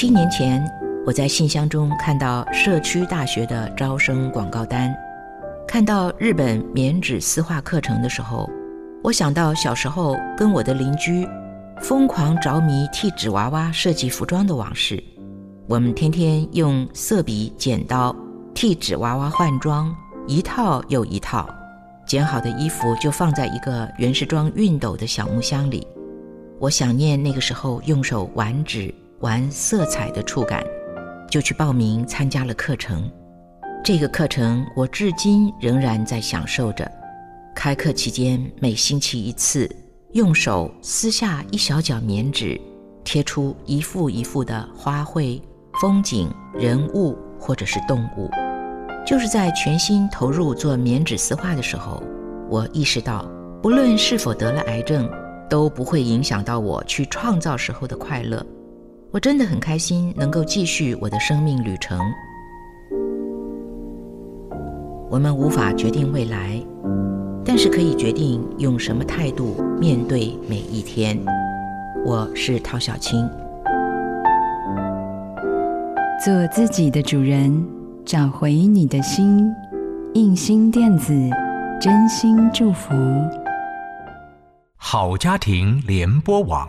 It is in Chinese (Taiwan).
七年前，我在信箱中看到社區大學的招生廣告單，看到日本棉紙撕畫課程的時候，我想到小時候跟我的鄰居瘋狂着迷替紙娃娃設計服裝的往事。我們天天用色筆、剪刀替紙娃娃換裝，一套又一套，剪好的衣服就放在一個原是裝熨斗的小木箱裡。我想念那個時候用手玩紙。玩色彩的觸感，就去報名參加了課程。這個課程我至今仍然在享受着。開課期間，每星期一次，用手撕下一小角棉紙，貼出一幅一幅的花卉、風景、人物或者是動物。就是在全心投入做棉紙撕畫的時候，我意識到，不論是否得了癌症，都不會影響到我去創造時候的快樂。我真的很開心，能夠繼續我的生命旅程。我們無法決定未來，但是可以決定用什麼態度面對每一天。我是陶曉清，做自己的主人，找回你的心。映興電子真心祝福，好家庭聯播網。